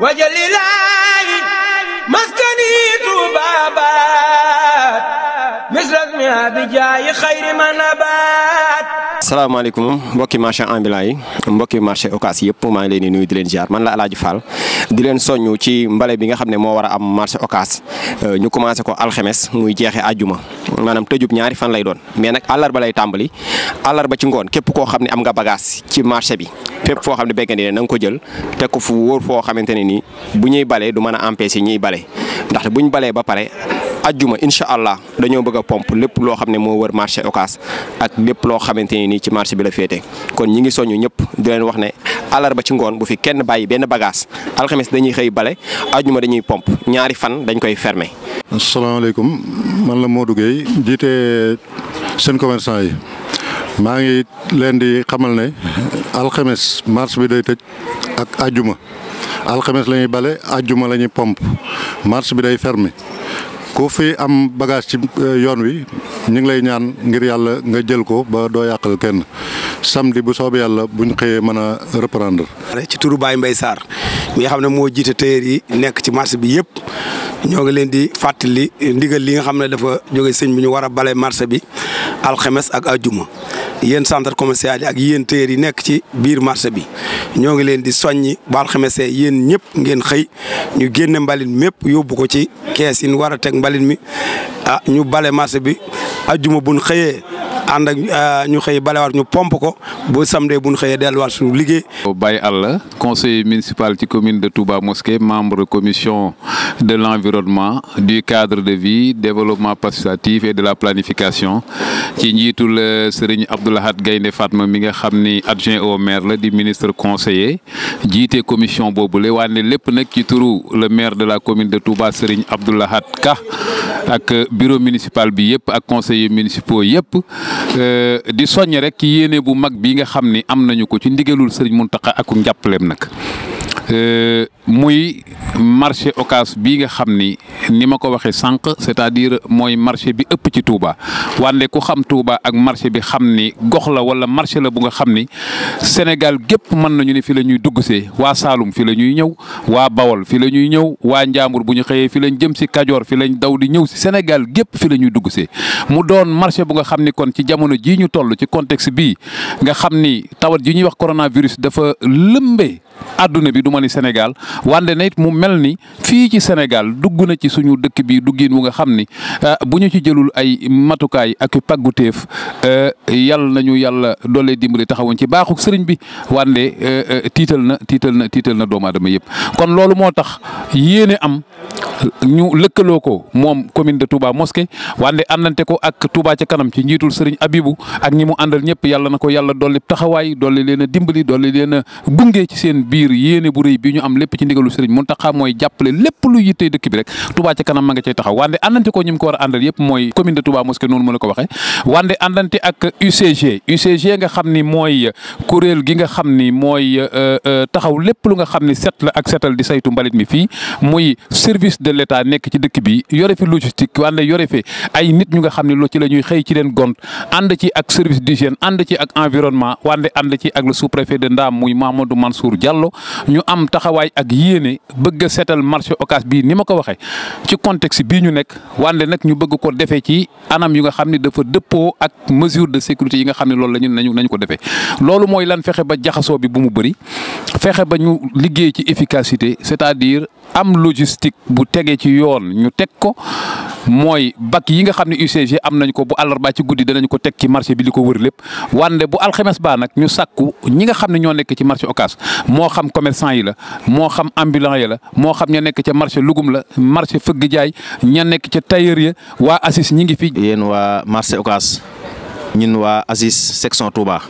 wajalilaayi maskani tuubaabaat misras mi abijaayi xayri man asalaamaaleykum mbokki marché ambulant yi mbokki marché yëpp maa ngi leen di nuyu di leen ziar man la Alaaji Fall di soññu ci mbale bi nga xam ne moo war a am marché Ocass euh, ñu commencé ko alxemes muy jeexe ajuma maanaam tëjub ñaari fan lay doon mais nag àllarba lay tàmbali àllarba ci ngoon képp koo xam ne am nga bagage ci marché bi fépp foo xam ne béykat yi na nga ko jël teg ko fu wóor foo xamante ne nii bu ñuy balee du mën a empêcher ñuy bale ndax buñ balee ba pare ajjuma incha allah dañoo bëgg a pompe lépp loo xam ne moo wër marché Ocass ak lépp loo xamante ni nii ci marché bi la féete kon ñi ngi soñu ñëpp di leen wax ne alarba ci ngoon bu fi kenn bàyyi benn bagage alxames dañuy xëy bale ajjuma dañuy pomp ñaari fan dañ koy fermer. asalaamaaleykum man la Modou Gueye jiite seen commerçant yi maa ngi leen di xamal ne alxames marché bi day tëj ak ajjuma alxames la ñuy bale la ñuy pompe marché bi day fermer. ku fi am bagage ci euh, yoon wi ñu ngi lay ñaan ngir yàlla nga jël ko ba doo yàqal kenn samedi bu soobee yàlla buñ xëyee mën a reprendre. ci turu Baye Mbaye Sarr mi nga xam ne moo jiite tailleur yi nekk ci marché bi yëpp. ñoo ngi leen di fàttali ndigal li nga xam ne dafa jóge sëñ bi ñu war a bale marché bi alxemes ak ajuma yéen centre commercial yi ak yéen téer yi nekk ci biir marché bi ñoo ngi leen di soññi ba alxemesee yéen ñëpp ngeen xëy ñu génne mbalit mépp yóbbu ko ci kees yi nu war a teg mbalit mi ah ñu bale marché bi ajuma buñ xëyee ànd ak euh, ñu xëy balewaat ñu pomp ko boo samedi bu ñu xëyee delluwaat suñu liggéey. Baye Alla conseiller municipal ci commune de Touba Mosquée membre commission de l'environnement du cadre de vie développement participatif et de la planification ci njiitul euh, Serigne Abdou Lahad Gaynde Fatma mi nga xam ni adjoint au maire la di ministre conseiller jiite commission boobule waane lépp nag ci turu le maire de la commune de Touba Serigne Abdou Lahad Ka ak bureau municipal bi yëpp ak conseillers municipaux yëpp. Euh, di soññ rek ci yéene bu mag bi nga xam ni am nañu ko ci ndigalul sëriñ Muntaxa ak njàppaleem nag euh, muy marché Ocass bii nga xam ni ni ma ko waxee sànq c'est-à-dire mooy marché bi ëpp ci Touba wande ku xam Touba ak marché bi xam ni gox la wala marché la bu nga xam ni Sénégal gépp mën nañu ni fi la ñuy dugg see waa Saalum fi la ñuy ñëw waa Bawol fi la ñuy ñëw waa Njaambur bu ñu xëyee fi lañ jëm si Kajoor fi lañ daw di ñëw si Sénégal gépp fi la ñuy dugg see mu doon marché bu nga xam ni kon ci jamono jii ñu toll ci contexte bi nga xam ni tawat ji ñuy wax coronavirus dafa lëmbee. àdduna bi du ma ni Sénégal wande na it mu mel ni fii ci Sénégal dugg na ci suñu dëkk bi duggin wu nga xam ni euh, bu ñu ci jëlul ay matukaay ak pàgguteef euh, yal nañu yàlla doole dimbali taxawuñ ci baaxuk sëriñ bi wande euh, tiital na tiital na tiital na doomu aadama yëpp kon loolu moo tax yéene am ñu lëkkaloo ko moom commune de Touba Mosquée wande àndante ko ak Touba ca kanam ci njiitul sëriñ Abibu ak ñi mu àndal ñëpp yàlla na ko yàlla dolli taxawaay dolli leen a dimbali dolli leen a gunge ci seen biir yéene bu rëy bi ñu am lépp ci ndigalu sëriñ Muntaxa mooy jàppale lépp lu yittee dëkk bi rek Touba ca kanam ma nga cay taxaw wande àndante ko ñi ko war a àndal yëpp mooy commune de Touba Mosquée noonu ma la ko waxee wande ak UCG UCG nga xam ni mooy kuréel gi nga xam ni mooy euh, euh, taxaw lépp lu nga xam ni set la ak setal di saytu mbalit mi fii office de l'état nekk ci dëkk bi yore fi logistique wala yore fi ay nit ñu nga ak service d'hygiène bëgg seetal marché Ocass bii ni ma ko waxee ci contexte bi ñu nekk wala nag ñu bëgg ko defee ci anam yu nga xam ne dafa dëppoo ak mesure de sécurité yi nga xam ne loolu la ñu nañu nañu ko defee loolu mooy lan fexe ba jaxasoo bi bu mu bëri fexe ba ñu liggéey ci efficacité c'est-à-dire am logistique bu tegee ci yoon ñu teg ko mooy bac yi nga xam ne UCG am nañ ko bu àllarbaa ci guddi danañ ko teg ci marché bi li ko wër lépp wande bu alxames baa nag ñu sàkku ñi nga xam ne ñoo nekk ci marché ocas moo xam commerçant yi la moo xam ambulant la moo xam ña nekk ca marché Lugum la marché Fëgg Jaay ña nekk ca tailleur ya waa ACIS ñi ngi fi. yéen waa marché ocas ñun waa ACIS section Touba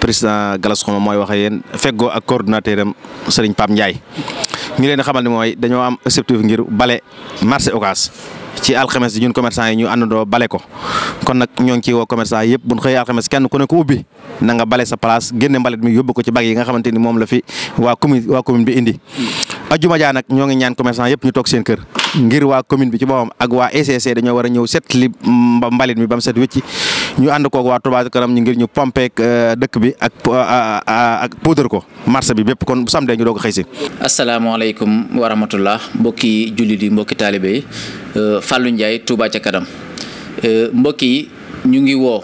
président Galas mooy wax ak yéen feggoo ak coordonnateur am Serigne Pape Ndiaye. ngi leen xamal ne mooy dañoo am objectif ngir bale marché Ocass ci alxames yi ñun commerçant yi ñu àndandoo bale ko kon nag ñoo ngi ciy woo commerçant yëpp bu ñu xëyee alxames kenn ko ubbi na nga bale sa place génne mbalit mi yóbbu ko ci bag yi nga xamante ni moom la fi waa commune waa commune bi indi. ajuma jaa nag ñoo ngi ñaan commerçant yëpp ñu toog seen kër ngir waa commune bi ci boppam ak waa ECC dañoo war a ñëw set li mbalit mi bam mu set wécci ñu ànd koog waa Touba ca kanam ñu ngir ñu euh, dëkk bi ak ak poudre ko marché bi bépp kon samedi ñu doog a xëy si. asalaamaaleykum wa rahmatullah mbokki jullit yi mbokki taalibe yi euh, Fallou Ndiaye Touba ca kanam euh, mbokk yi ñu ngi woo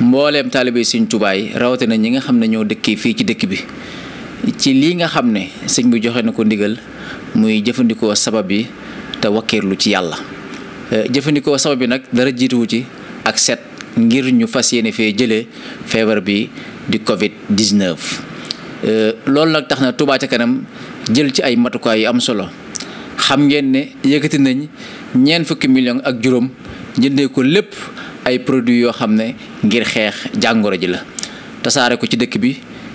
mbooleem taalibe yi Sëriñ Touba yi rawatina ñi nga xam ne ñoo dëkkee fii ci dëkk bi. ci lii nga xam ne sëñ bi joxe na ko ndigal muy jëfandikoo sabab yi te wakkeerlu ci yàlla eh, jëfandikoo sabab bi nag dara jiituwu ci ak set ngir ñu fas yéene fee jëlee feebar bi di Covid 19. Eh, loolu nag tax na Touba ca kanam jël ci ay matukaay yu am solo xam ngeen ne yëkkati nañ ñeent fukki million ak juróom jëndee ko lépp ay produits yoo xam ne ngir xeex jàngoro ji la tasaare ko ci dëkk bi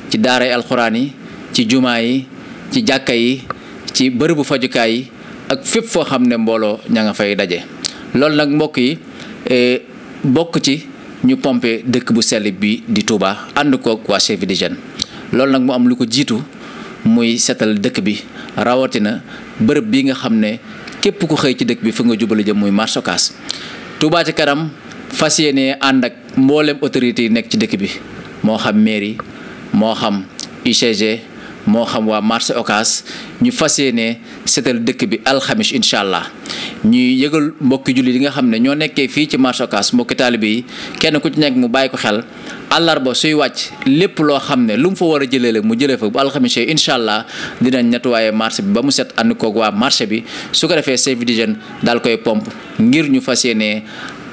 ci daaray alxuraan yi. ci jumaa yi ci jàkka yi ci bërëbu fajukaay yi ak fépp foo xam ne mbooloo ña nga fay daje loolu nag mbokk yi e, bokk ci ñu pompe dëkk bu sell bi di Touba ànd koog waa Service d'hygiène loolu nag mu am lu ko jiitu muy setal dëkk bi rawatina bërëb bi nga xam ne képp ku xëy ci dëkk bi fa nga jubale jëm muy marché Ocass Touba ci kanam fas yéene ànd ak mboolem autorités yi nekk ci dëkk bi moo xam mairie moo xam UCG moo xam waa marché Ocass ñu fas ne seetal dëkk bi alxamis incha allah ñuy yëgal mbokki julli yi nga xam ne ñoo nekkee fii ci marché Ocass mbokki taalibe yi kenn ku ci nekk mu bàyyi ko xel àllarba suy wàcc lépp loo xam ne lu mu fa war a jëlee la mu jëlee fa bu alxamis yi incha allah dinañ nettoyer marché bi ba mu set ànd koog waa marché bi su ko defee Saint-Vigile daal koy pompe ngir ñu fas yéene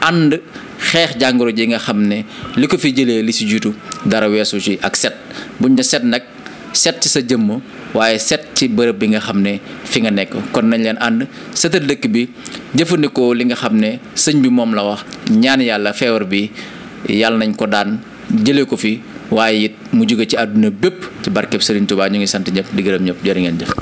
ànd xeex jàngoro ji nga xam ne li ko fi jëlee li si jiitu dara weesu ci ak set buñ ne set nag. set ci sa jëmm waaye set ci bërëb bi nga xam ne fi nga nekk kon nañ leen ànd setal dëkk bi jëfandikoo li nga xam ne sëñ bi moom la wax ñaan yàlla feebar bi yàlla nañ ko daan jëlee ko fi waaye it mu jóge ci àdduna bépp ci barkeb Sëriñ Tuubaa ñu ngi sant ñëpp di gërëm ñëpp jërë ngeen jëf